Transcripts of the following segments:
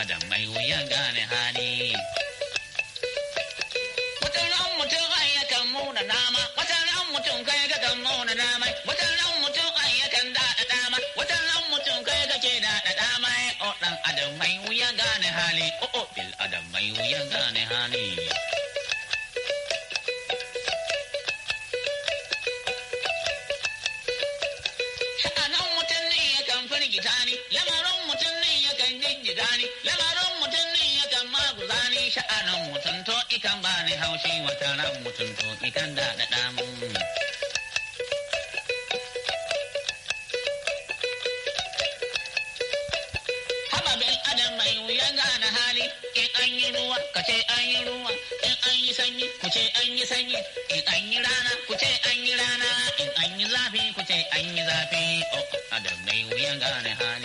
adam mai wuyan gane hali wata ran mutum ai yakan muna nama wata ran mutum kai ga kan muna nama wata ran mutum ai yakan dada dama wata ran mutum kai ga ke dada dama o dan adam mai wuyan gane hali o o bil adam mai wuyan gane hali sha'anan mutum rani lamarin mutum ne yakan maguza ni sha'anin mutum to ikan bani haushi wata ran mutum to ikan da da damun an yi ruwa ka ce an ruwa in anyi sanyi ku ce an sanyi in an yi rana ku ce an rana in an yi zafi ku ce an zafi oh, adam mai wuyan gane hali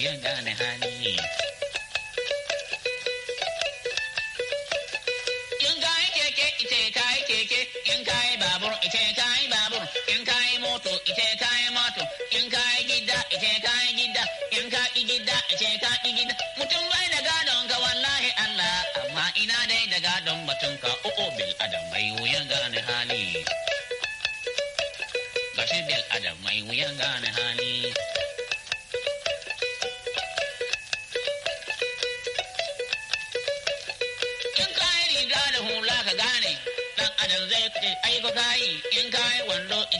ya gane hali in ka yi keke ite ka yi keke in ka yi babur ite ka yi babur in ka yi moto ite ka yi moto in ka yi gida ite ka yi gida in ka yi gida ite ka yi gida mutum bai da gadon ka wallahi Allah amma ina dai da gadon batun ka o'o bil adam bai wuyan gane hali gashi bil adam mai wuyan gane hali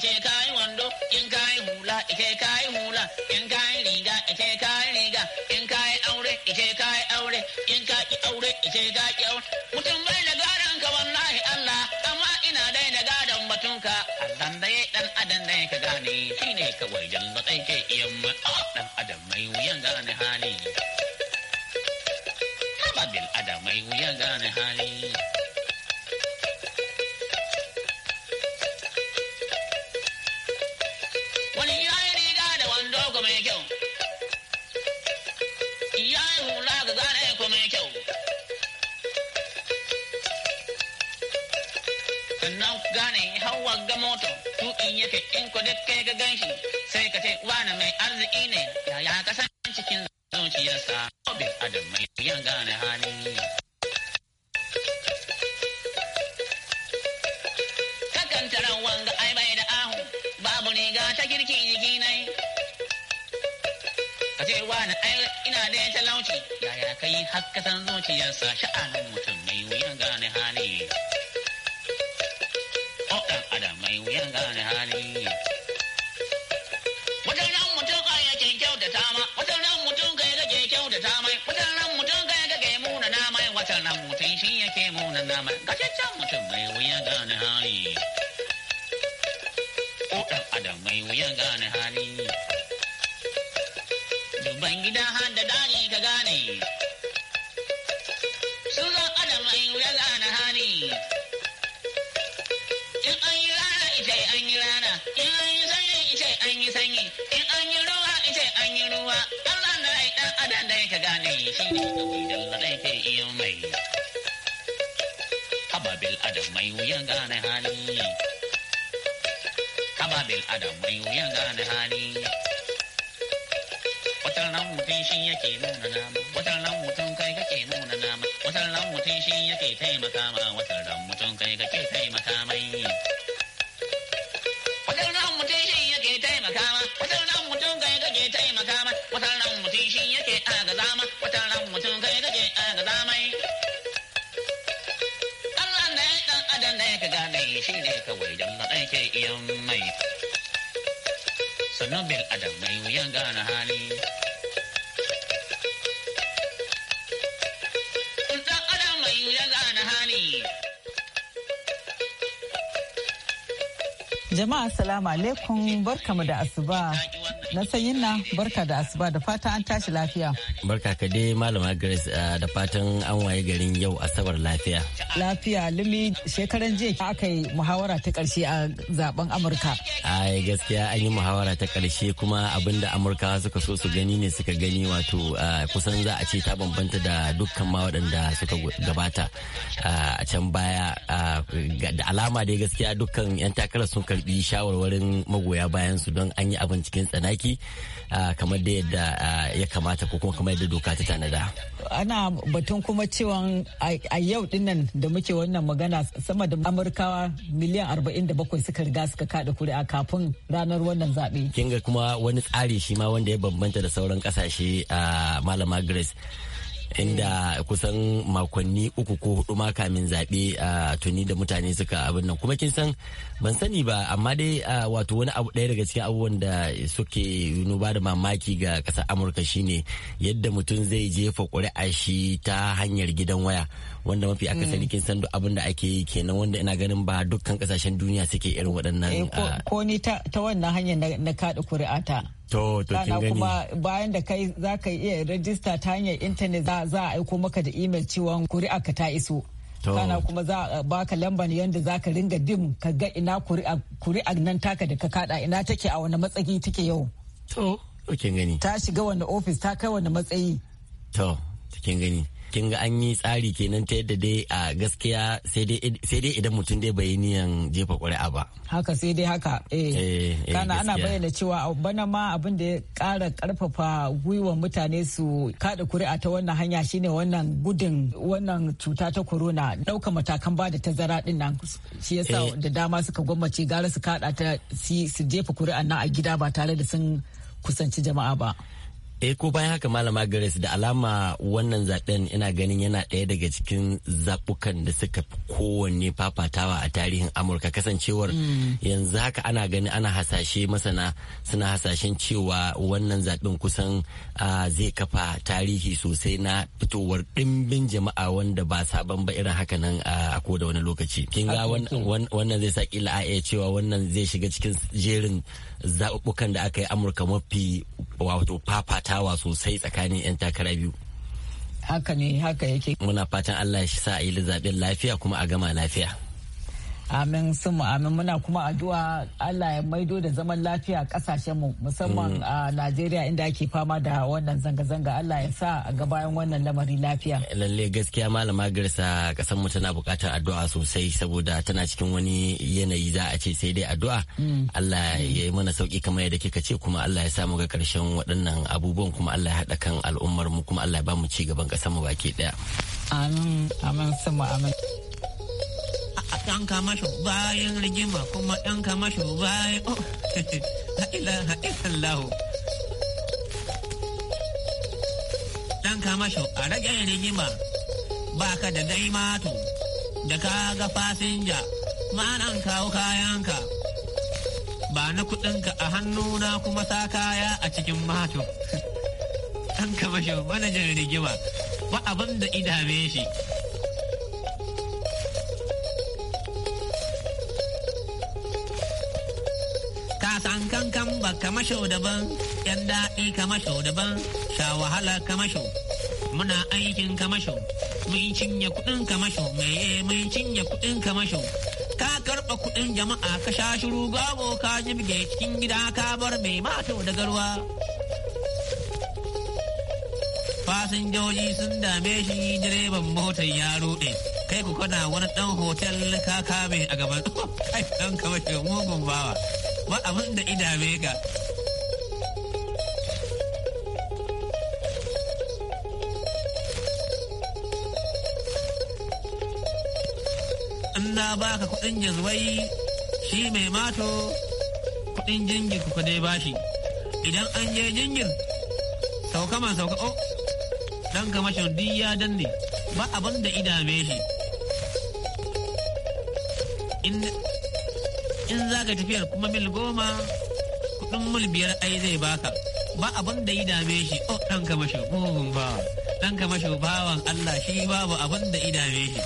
ike kayi wando in kayi hula ike kayi hula in kayi riga ike kayi riga in kayi aure ike kayi aure in kaki aure ike kaki aure mutum bai da gadon ka wallahi Allah amma ina dai da gadon batun ka Allah da dan adam da ka gane shine kawai jannat ke iyan ma dan adam mai wuyan gane hali haba bil adam mai wuyan gane hali kai ka gan shi sai ka ce wani mai arziki ne yaya ka san cikin zuciyarsa obi adam mai yan gane wanga ai da ahu babu riga ta girki jiki nai ka ce wani ai ina da talauci yaya kayi hakka san zuciyarsa sha'anin mutum mai wuyan gane hali Oh, adam mai gane hali mai munan namar gashashen mutum mai wuya gane hali ko ɗan adam mai wuya gane hali duban gida har da dani ka gane su zan adam mai wuya gane hali in an yi rana ita an yi rana in an yi sanyi ita an yi sanyi in an yi ruwa ita an yi ruwa Allah na ɗan adam da ya ka gane shi ne da. mai wuyan gane hali haba bil adam mai wuyan gane hali wata nan mutum shi yake nuna nama wata nan mutum kai kake nuna nama wata nan mutum shi yake taimaka ma bil adam jama'a salamu alaikum barkamu da asuba na sayin na barka da asuba da fata an tashi lafiya. Barka ka dai malama Grace da fatan an waye garin yau asabar lafiya. Lafiya limi shekaran jiya aka yi muhawara ta karshe a zaben Amurka. ai gaskiya an yi muhawara ta karshe kuma abinda amurkawa suka so su gani ne suka gani wato kusan za a ce ta bambanta da dukkan ma waɗanda suka gabata a can baya da alama dai gaskiya dukkan 'yan takarar sun karbi shawarwarin magoya bayan su don an yi abin cikin tsanaki kamar da yadda ya kamata ko kuma kamar yadda doka ta tanada ana batun kuma cewa a yau dinnan da muke wannan magana sama da amurkawa miliyan 47 suka riga suka kada kuri'a kafin ranar wannan zaɓe. Kinga kuma wani tsari shi ma wanda ya bambanta da sauran kasashe a ah, Malama Grace. inda kusan makonni uku ko hudu ma kamin zaɓe a tuni da mutane suka abin nan kuma kin san ban sani ba amma dai wato wani abu ɗaya daga cikin abubuwan da suke ba da mamaki ga ƙasar amurka shine yadda mutum zai jefa ƙuri'a shi ta hanyar gidan waya wanda mafi akasari mm. kin san duk abin da ake yi kenan wanda ina ganin ba dukkan ƙasashen duniya suke irin waɗannan eh, ko ni ta wannan hanyar na kaɗa ƙuri'a ta To, to kin gani. kuma bayan da kai za ka iya rajista ta hanyar intanet za a aiko maka da imel cewa kuri'a ka ta iso. to Kana kuma za a baka lambar yadda za ka ringa dim ka ga ina kuri'a nan taka da ka kada ina take a wani matsayi take yau. To, to kin gani. Ta shiga wani ofis ta kai wani matsayi. To, to kin gani. kin ga an yi tsari kenan ta yadda dai a gaskiya sai dai idan mutum dai bai niyan jefa ƙuri'a ba haka sai dai haka eh, eh, eh kana ana bayyana cewa bana ma abin da ya ƙara ƙarfafa gwiwar mutane su kada ƙuri'a ta wannan hanya shine wannan gudun wannan cuta ta corona ɗauka matakan ba da tazara din nan shi yasa eh. da dama suka gwammace gara su kada ta su jefa ƙuri'a nan a gida ba tare da sun kusanci jama'a ba eh ko bayan haka malama grace da alama wannan zaben ina ganin yana ɗaya daga cikin zaɓukan da suka fi kowanne fafatawa a tarihin amurka kasancewar mm. yanzu haka ana gani ana hasashe masana suna hasashen cewa wannan zaben kusan zai kafa tarihi sosai na fitowar ɗimbin jama'a wanda ba sabon ba irin haka nan a ko da wani lokaci kin ga wannan zai sa kila a cewa wannan zai shiga cikin jerin zaɓukan da aka yi amurka mafi wato fafata Tawa sosai tsakanin 'yan takara biyu haka ne haka yake muna fatan allah ya sa a yi lafiya kuma a gama lafiya Amin sun amin muna kuma addu'a Allah ya maido da zaman lafiya kasashen mu musamman mm. a Najeriya inda ake fama da wannan zanga-zanga Allah ya sa a bayan wannan lamari lafiya. Lalle gaskiya malama garsa kasan mu tana bukatar addu'a sosai saboda tana cikin wani yanayi za a ce sai dai addu'a. Mm. Allah mm. ya yi mana sauki kamar yadda kika ce kuma Allah ya sa mu ga karshen waɗannan abubuwan kuma Allah ya haɗa kan al'ummar mu kuma Allah ya ba mu ci gaban kasar mu baki ɗaya. Amin amin sun amin. 'yan masa bayan rigima kuma 'yan kamasho bayan oh ha'ilaha illallahu ɗan kamasho a rage rigima ba ka da mato. da ka ga fasinja ma'anan kawo kayanka ba na kuɗinka a hannuna kuma sa kaya a cikin mato ɗan kamasho manajan rigima ba abin da idame shi san kankan ba kama daban yan daɗi kama daban sha wahala kamasho muna aikin kamasho shau mun cinye kuɗin kamasho mai meye mun cinye kuɗin kama eh, eh, ka karɓa kuɗin jama'a ka sha shiru gago ka jibge cikin gida ka bar mai mato da garwa fasinjoji sun dame shi direban motar ya ruɗe kai ku kana wani ɗan hotel ka kame a gaban ɗan kamashe mugun bawa ba abin da idame ka in na baka kuɗin jazwai shi mai mato kuɗin jingir ku dai bashi idan an je jingir sauka ma sauka o oh, dan kamashin duk ya danne ba abin da idame shi in za ka tafiyar kuma mil goma kudin mil biyar ai zai baka ba abin da ya dame shi oh dan ka mashi gugun ba dan ka mashi bawan Allah shi babu abin da ya dame shi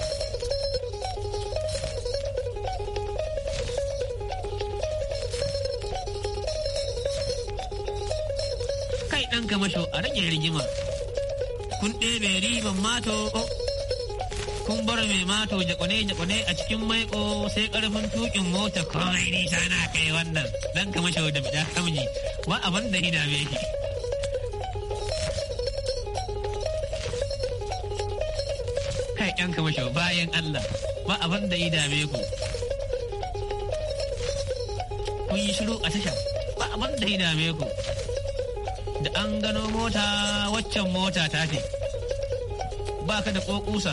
kai dan ka mashi a rage rigima kun ɗebe riban mato oh kun bar mai mato jakwane-jakwane a cikin maiko sai karfin tukin mota komai ni na kai wannan dan kama shau da bida kamji ba abin da hina me shi. Kai yan kama shau bayan Allah ba abin da hina me ku. Kun yi shiru a tasha ba abin da hina me ku. Da an gano mota waccan mota ta ce. Ba ka da ƙoƙusa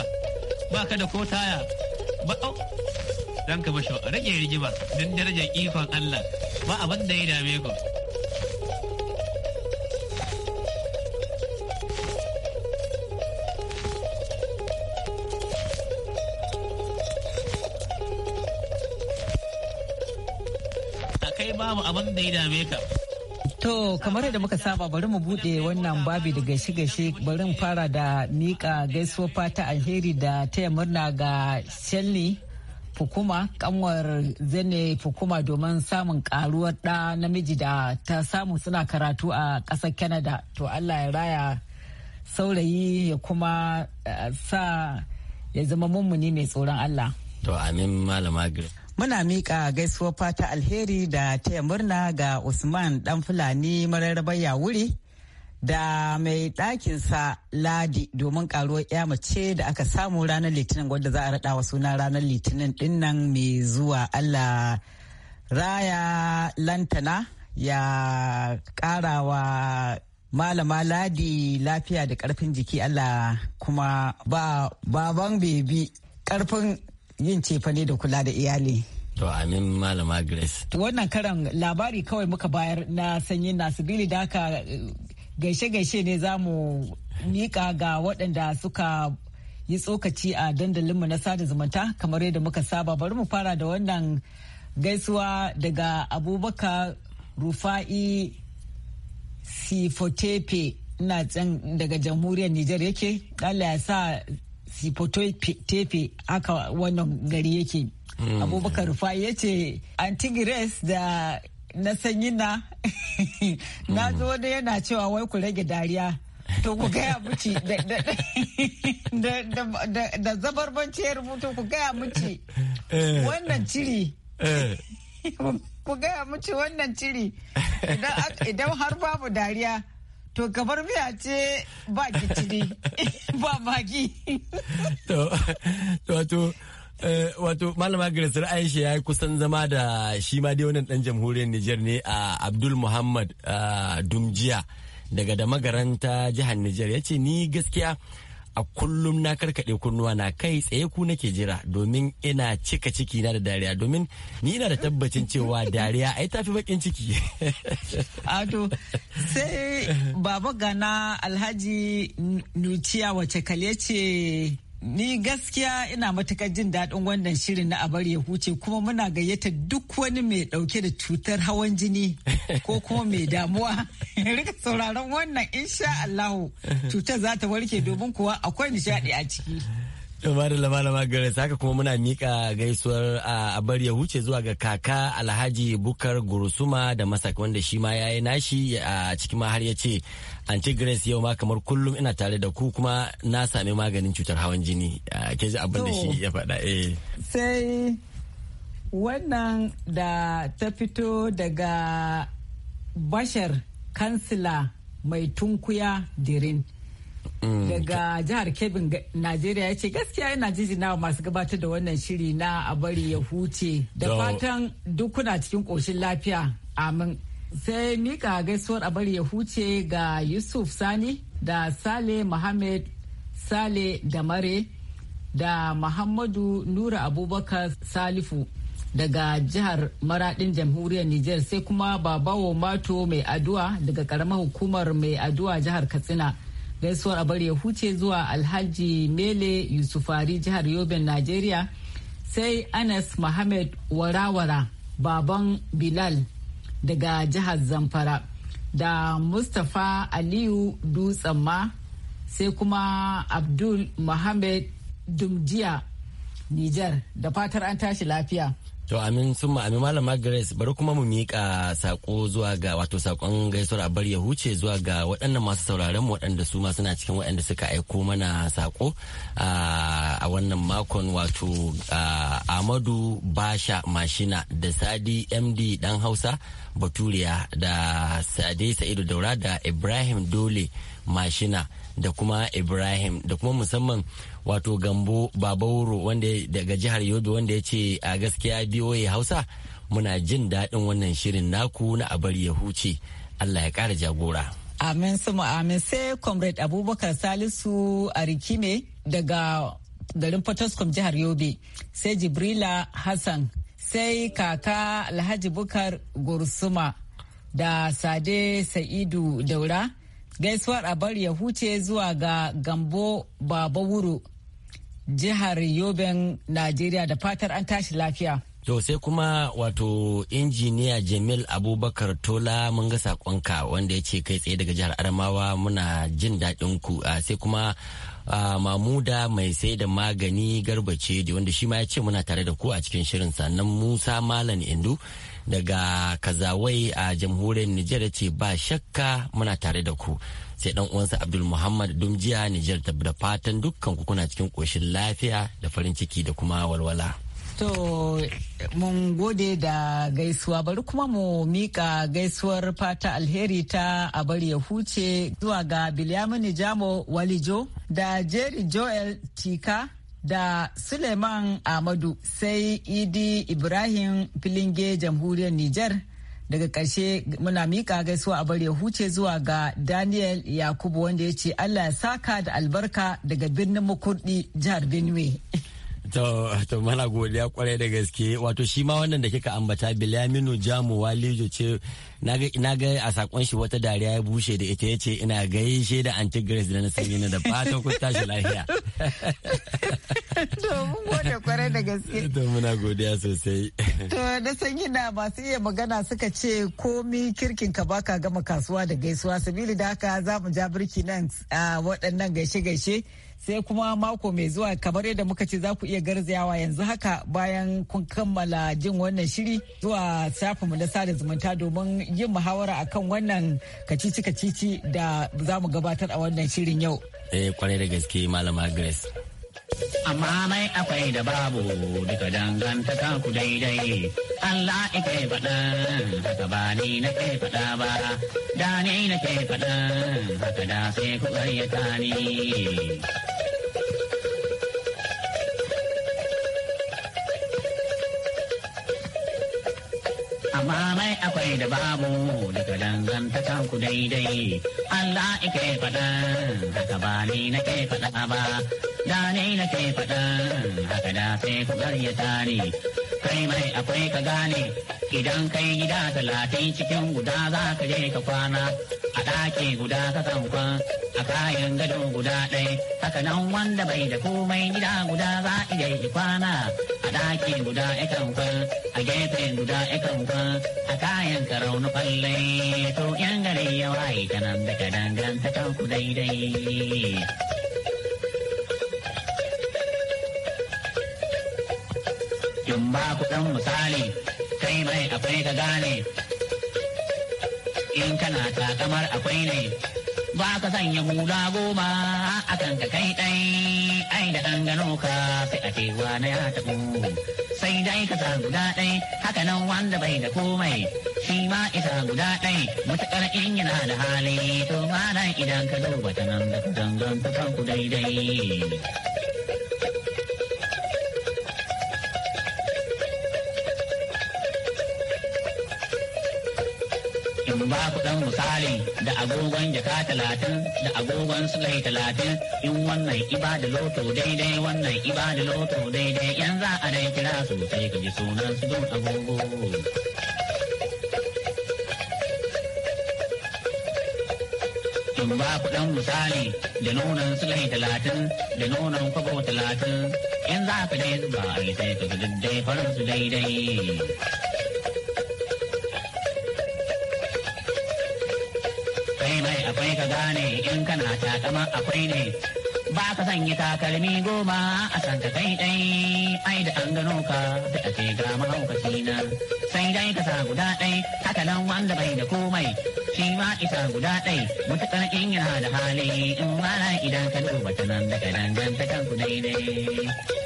ba ka da ko taya ba au Dan ba shi rage rigima don darajar ikon Allah ba abin da ya dame ku babu abin da ya dame ka To kamar yadda muka saba bari mu bude wannan babi da gaishe-gaishe bari mu fara da mika gaisuwar fata alheri da taya murna ga Shelly Fukuma kanwar zane Fukuma domin samun karuwar ɗa namiji da ta samu suna karatu a ƙasar Canada. To Allah ya raya saurayi ya kuma eh, sa ya zama mummuni mai tsoron Allah. To amin malama Muna mika gaisuwar fata alheri da taya murna ga Usman ɗan Fulani mararraba wuri da mai ɗakinsa Ladi domin ƙaruwar ya mace da aka samu ranar Litinin wadda za a raɗa wa suna ranar Litinin ɗinnan mai zuwa Allah raya lantana ya ƙarawa malama ladi lafiya da karfin jiki Allah kuma ba baban bebi karfin yin cefane da kula da iyali. To amin malama Grace. Wannan karan labari kawai muka bayar na sanyi bili da haka eh, gaishe-gaishe ne za mu miƙa ga waɗanda suka yi tsokaci a dandalinmu na sada zumunta kamar yadda muka saba bari mu fara da wannan gaisuwa daga abubakar rufa'i sifotepe na can daga jamhuriyar nijar yake allah ya sa tefe aka wannan gari yake hmm. abubakar rufa ya ce antigres da na sanyina na zo hmm. da yana cewa wai ku rage dariya to ku gaya muci da zabarbanci ya rubuto ku gaya muci eh. wannan ciri eh. ku gaya muci wannan ciri idan har babu dariya To gabar miya ce ba giciri ba magi. To wato eh, wato malama Aisha ya yi kusan zama da shi ma dai wannan dan jamhuriyar Nijar ne a Abdul Muhammad Dumjiya daga da magaranta jihar Nijar ya ce ni gaskiya a kullum na karkaɗe kunnuwa na kai tsaye ku nake jira domin ina cika ciki na da dariya domin ni na da tabbacin cewa dariya ai tafi bakin ciki ato sai baba gana alhaji nuciya wace kale ce Ni gaskiya ina matukar jin daɗin wannan shirin na abar ya huce kuma muna gayyata duk wani mai ɗauke da cutar hawan jini ko kuma mai damuwa. Rika sauraron wannan insha Allahu cutar za ta warke domin kuwa akwai nishaɗi a ciki. Malala malama gare haka kuma muna mika gaisuwar a bar ya huce zuwa ga kaka Alhaji Bukar Gurusuma da Masak wanda shi ma yayi nashi a cikin ma har ya ce Grace yau ma kamar kullum ina tare da ku kuma na sami maganin cutar hawan jini ke ji abin da shi ya faɗa eh. Sai wannan da ta fito daga Bashar kansila mai tunkuya dirin. Mm. daga jihar kebin Najeriya ya ce gaskiya yana jijina masu gabatar da wannan shiri na a bari ya huce da fatan duk kuna cikin koshin lafiya amin sai mika gaisuwar a bari ya huce ga Yusuf Sani da Sale Muhammad Sale da Mare da Muhammadu Nura Abubakar Salifu daga jihar maradin jamhuriyar Nijar sai kuma babawo mato mai addu'a daga karamar hukumar mai addu'a jihar Katsina gaisuwar a bari ya huce zuwa alhaji mele yusufari jihar yobin nigeria sai anas mohammed warawara baban bilal daga jihar zamfara da mustapha aliyu dutsen ma sai kuma abdul mohammed dumjiya nijar da fatar an tashi lafiya To amin sun amin malama Grace bari kuma mu miƙa sako zuwa ga wato sakon gaisuwar a bar ya huce zuwa ga waɗannan masu sauraron mu waɗanda su ma suna cikin waɗanda suka aiko mana sako a wannan makon wato Amadu Basha Mashina da Sadi MD dan Hausa Baturiya da Sade Sa'idu Daura da Ibrahim Dole Mashina. da kuma ibrahim da kuma musamman wato gambo babauro wanda daga jihar yobe wanda ya ce a gaskiya biyo ya hausa muna jin daɗin wannan shirin naku na abar ya huce allah ya kara jagora amin sumu amin sai comrade abubakar salisu arikime daga garin potoscom jihar yobe sai jibrila hassan sai kaka alhaji bukar gursuma da sade sa'idu daura gaisuwar a bari ya huce zuwa ga gambo baba jihar yoben najeriya da fatar an tashi lafiya to sai kuma wato injiniya jamil abubakar tola mun ga sakonka wanda ya ce kai tsaye daga jihar adamawa muna jin daɗin ku sai kuma mamuda mai sai da magani garbace da wanda shi ma ya ce muna tare da ku a cikin shirin sannan musa malam indu daga Kazawai a jamhuriyar Nijar ce ba shakka muna tare da ku. Sai dan uwansa Abdul Muhammad Dumjiya Nijar ta da fatan dukkan ku kuna cikin koshin lafiya da farin ciki da kuma walwala. To mun gode da gaisuwa bari kuma mu mika gaisuwar fata alheri ta a bari ya huce zuwa ga biliyamu nijamo Walijo da Jerry Joel Tika da Suleiman amadu sai Idi Ibrahim Filinge jamhuriyar niger Daga ƙarshe muna miƙa gaisuwa a bari ya huce zuwa ga Daniel Yakubu wanda ya ce Allah ya saka da albarka daga birnin makurdi jihar Benue. To mana godiya kwarai da gaske wato shi ma wannan da kika ambata Bilaminu Jamu Walijo ce na ga a sakon shi wata dariya ya bushe da ita yace ina gaishe da anti Grace da na sanyi na da fatan ku tashi lafiya. To mun gode kwarai da gaske. To muna godiya sosai. To da sanyi na masu iya magana suka ce komi kirkin ka baka gama kasuwa da gaisuwa sabili da haka za mu ja birki nan waɗannan gaishe-gaishe. sai kuma mako mai zuwa kamar yadda muka ce za ku iya garzayawa yanzu haka bayan kun kammala jin wannan shiri zuwa mu na sada zumunta domin yin muhawara akan wannan kacici-kacici da za mu gabatar a wannan shirin yau. Eh kwarai da gaske malama Grace. Amma mai akwai da babu duka dangantaka ku daidai. Allah ike faɗa haka ba ni na ke faɗa ba, da ni na ke faɗa haka da sai ku ƙaryata ni. amma mai akwai da babu daga dangantakan ku daidai Allah ike faɗa haka ba ni ke faɗa ba da ni ke faɗa haka da sai ku karyata ni kai mai akwai ka gane idan kai gida talatin cikin guda za ka je ka kwana a ɗaki guda ka kan a kayan gado guda ɗai haka nan wanda bai da komai gida guda za a je kwana a ɗaki guda ya kan a gefe guda ya kan a kayan ka raunu ɓalle to yan gare ya waye ta nan da ka danganta ku daidai. ba ku ɗan misali kai mai akwai ka gane in kana ta kamar akwai ne ba ka sanya hula goma a kan ka kai ɗai ai da ɗan gano ka sai a cewa na ya taɓo sai dai ka sa guda ɗai haka nan wanda bai da komai shi ma isa guda ɗai matuƙar in yana da hali to ma idan ka zo ta nan da ka danganta kanku daidai. ba ku misali da agogon jaka talatin da agogon sulai talatin in wannan iba da loto daidai wannan iba da loto daidai yan za a dai kira su sai ka ji sunan su don agogo. ba ku misali da nonon sulai talatin da nonon kwabo talatin yan za ka dai zuba sai ka ji daidai farin su daidai. akwai ka gane in kana takama akwai ne ba ka sanya takalmi goma a san ka kai dai ai da an gano ka da ake gama ga mahaukaci sai dai ka sa guda dai haka nan wanda bai da komai shi ma isa guda dai mutakar in yana da hali in wana idan ka duba ta nan daga nan ta kanku dai daidai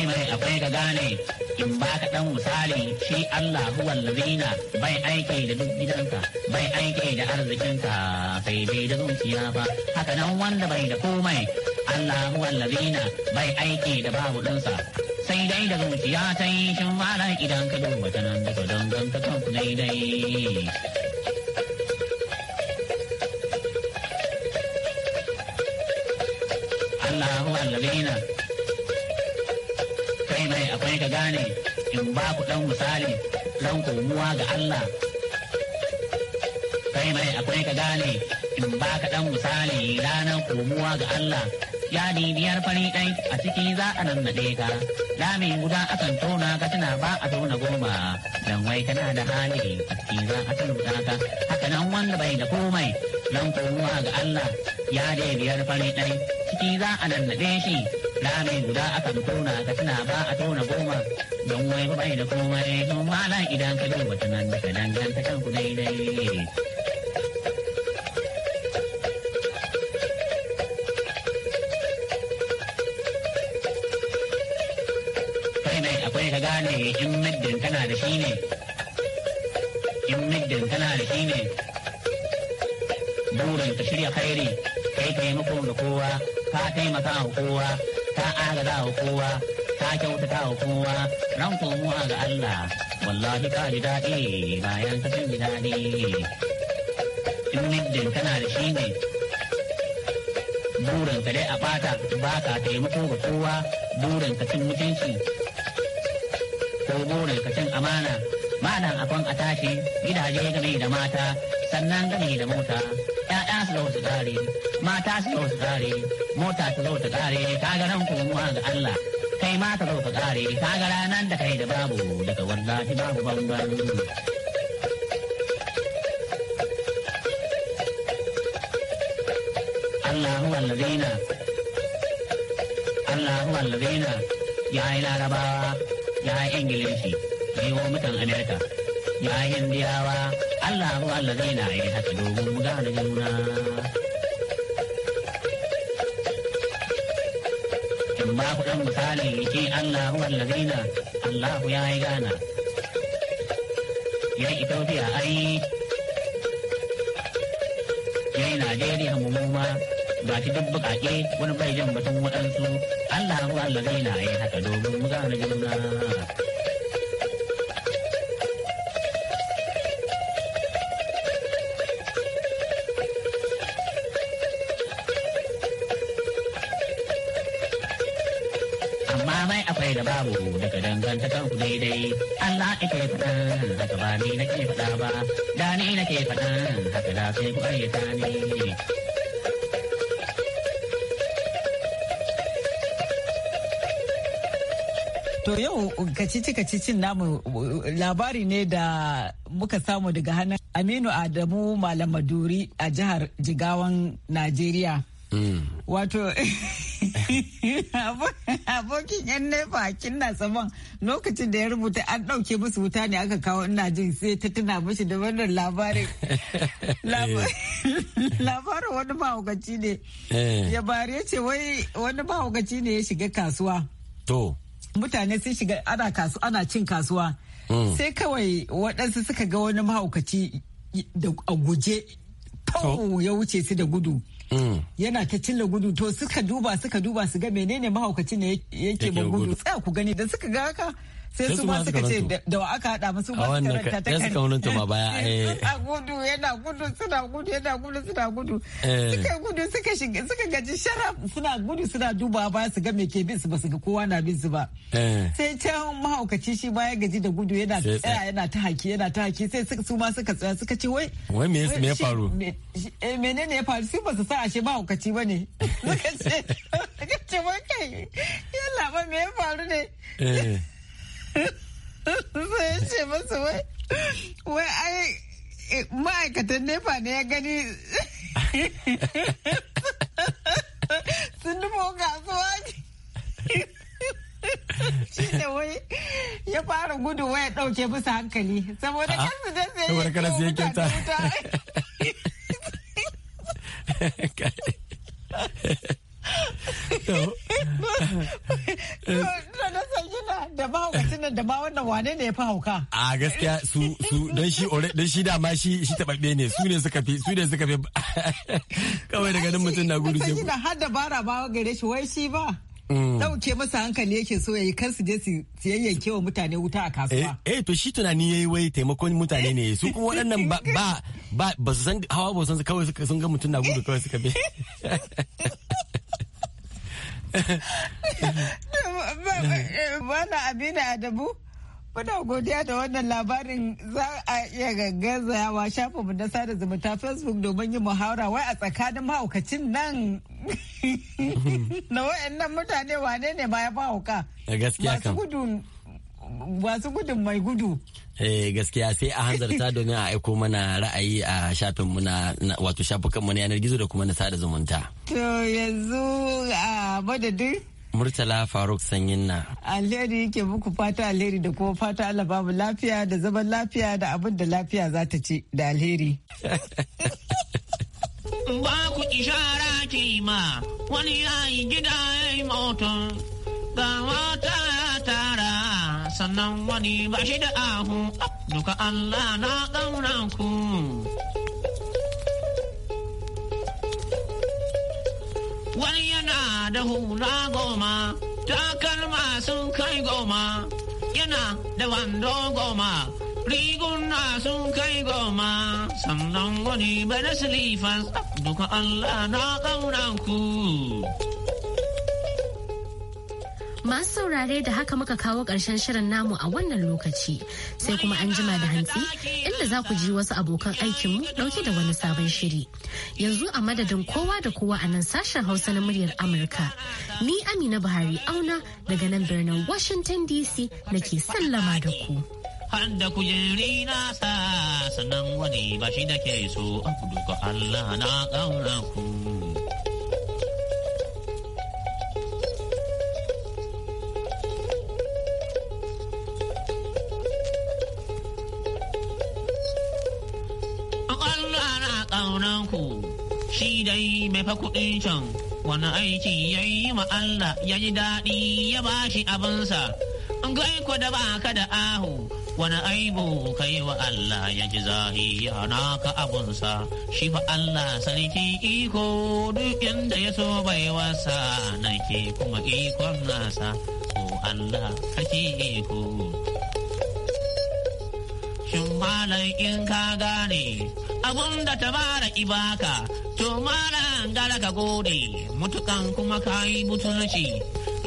kai mai akwai ga gane in ba ka dan misali shi Allah huwal ladina bai aike da duk gidanka bai aike da arzikinka sai dai da zuciya ba haka nan wanda bai da komai Allah huwal ladina bai aike da babu dinsa sai dai da zuciya ta yi shin mala idan ka duba ta nan da don don ka kan daidai Allah huwal ladina don ka gane in ba ku ɗan misali komuwa ga Allah. Kai mai akwai ka gane in ba ka ɗan misali ranar komuwa ga Allah. Ya biyar fari ɗai a ciki za a nan da ka. Lami guda akan tona ka tana ba a tona goma. Dan wai kana da hali a ciki za a turbuta ka. Haka nan wanda bai da komai ran komuwa ga Allah. Ya biyar fari ɗai ciki za a nan da shi. Nami guda akan tona ka tuna ba a tona goma don wai ba bai da komai don malam idan ka duba ta nan ka danganta kan ku daidai kai mai akwai ka gane in muddin tana da shi ne in muddin tana da shi ne burin ka shirya khairi kai taimakon da kowa ka taimaka wa kowa ta agaza wa kowa ta kyautata wa kowa ran komuwa ga Allah wallahi ka ji daɗi bayan ka san ji daɗi in middin kana da shi ne burinka dai a bata ba ka taimako ga kowa burinka cin mutunci ko ka cin amana malam akon a tashi gidaje game da mata sannan gami da mota ya'ya su zo su kare mata su zo su kare mota su zo su kare kaga ran kuma ga Allah kai ma ta zo ka kare ga ranan da kai da babu daga wallahi babu banban Allahu huwa alladhina Allah ya yi larabawa ya yi ingilishi ya yi mutan amerika ya yi indiyawa Allah ko Allah zai na yi haka domin mu gane juna. In ba ku ɗan misali yake Allah ko Allah zai na Allah ku ya yi gana. Ya yi a ai ya yi Najeriya mu ma ba shi duk ke wani bai jan batun waɗansu Allah ko Allah zai na yi haka domin mu gane juna. ai akwai da babu daga dangantakar ku daidai Allah ake ke faɗa haka ba ni nake faɗa ba da ni nake faɗa haka da sai ku ayyata ne To yau kacici-kacicin namu labari ne da muka samu daga hannun Aminu Adamu Malam Maduri a jihar Jigawan Najeriya. Hmm. Wato, abokin yan nefa kinna saman lokacin da ya rubuta an ɗauke musu wuta ne aka kawo ina jin sai ta tuna mashi da wannan labarin eh. labarin wani mahaukaci ne eh. ya bari ya ce wai wani mahaukaci ne ya shiga kasuwa to mutane sun shiga ana kasu ana cin kasuwa hmm. sai kawai waɗansu suka ga wani mahaukaci a guje ya wuce su da gudu Mm. yana ta cilla gudu to suka duba suka duba su ga menene mahaukacin ne yake gudu tsaya ku gani da suka ga haka sai su ma suka ce da wa aka hada musu ma suka ranta ta kai suka wurin ma baya eh a gudu yana gudu suna gudu yana gudu suna gudu eh. suka gudu suka shiga suka gaji sharaf suna gudu suna duba ba su ga me ke bin su ba su ga kowa na bin su ba eh. sai can mahaukaci shi baya gaji da gudu yana tsaya yana ta haki yana ta haki sai su ma suka tsaya suka ce wai wai me me ya faru eh, menene ya faru su ba su sa ashe mahaukaci bane suka ce suka ce wai kai yalla ba me ya faru ne sai ya ce masa wai wai ai ma'aikatan nefa ne ya gani sun nufo kasuwa shi da wai ya fara gudu waya ɗauke musu hankali saboda kansu da sai ya kira wuta wuta da ba wannan wane ne ya fi hauka a gaskiya su su dan shi dan shi ma shi shi tababbe ne su ne suka fi su ne suka fi kawai daga nan mutum na gudu sai shi da har da bara ba gare shi wai shi ba mm. ɗauke masa hankali yake so ya yi kar su je su yayyanke wa mutane wuta a kasuwa. Eh, eh to shi tunani yayi wai taimakon mutane ne su kuma waɗannan ba ba ba su san hawa ba su san kawai sun ga mutum na gudu kawai suka fi. Wani Aminu Adamu, muna godiya da wannan labarin za a iya shafin mu na sada zumunta Facebook domin yin muhawara wai a tsakanin mahaukacin nan na wa'annan mutane wane ne ma ya mahauka. Masu gudun wasu gudun mai gudu. Eh gaskiya sai a hanzarta domin a aiko mana ra'ayi a shafin muna wato shafukan mu na yanar gizo da kuma na sada zumunta. To yanzu a madadin Murtala Faruk Sanyin na. Alheri yake muku fata alheri da kuma fata Allah babu lafiya da zaman lafiya da abin da lafiya za ta ci da alheri. Ba ku ishara ke ma wani yayi gida ya yi moton ga mata sannan wani ba shi da ahu duka Allah na ƙauna ku. Wani yana da hula goma, takalma sun kai goma, yana da wando goma, riguna sun kai goma, sannan wani ba da silifas duka Allah na ƙauna ku. Masu saurare da haka muka kawo ƙarshen shirin namu a wannan lokaci sai kuma an jima da hantsi inda za ku ji wasu abokan aikinmu ɗauke da wani sabon shiri. Yanzu a madadin kowa da kowa a nan sashen Hausa na muryar Amurka. Ni Amina Buhari Auna daga nan birnin Washington DC nake ke sallama da ku. sa sanan wani ba da ke so, ku Allah na ƙaunar ku. junanku shi dai mai fa kuɗin can wani aiki ya yi ma Allah ya ji daɗi ya ba shi abinsa in ga da ba ka da ahu wani aibu ka yi wa Allah ya ji zahi ya naka abinsa shi fa Allah sarki iko duk inda ya so bai wasa na ke kuma ikon nasa ko Allah kake iko shin malam in ka gane abun da bara ibaka to mara gara ka gode mutukan kuma ka yi mutunci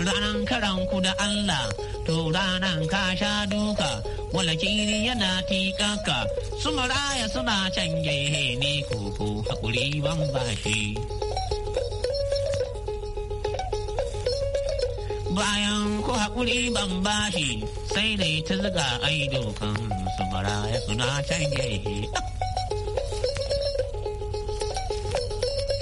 ranan karan ku da Allah to ranan ka sha duka wala kiri yana tikaka su maraya suna can gehe ne koko hakuri ban bashi bayan ku haƙuri ban bashi sai dai ta zuga aido kan su maraya suna can gehe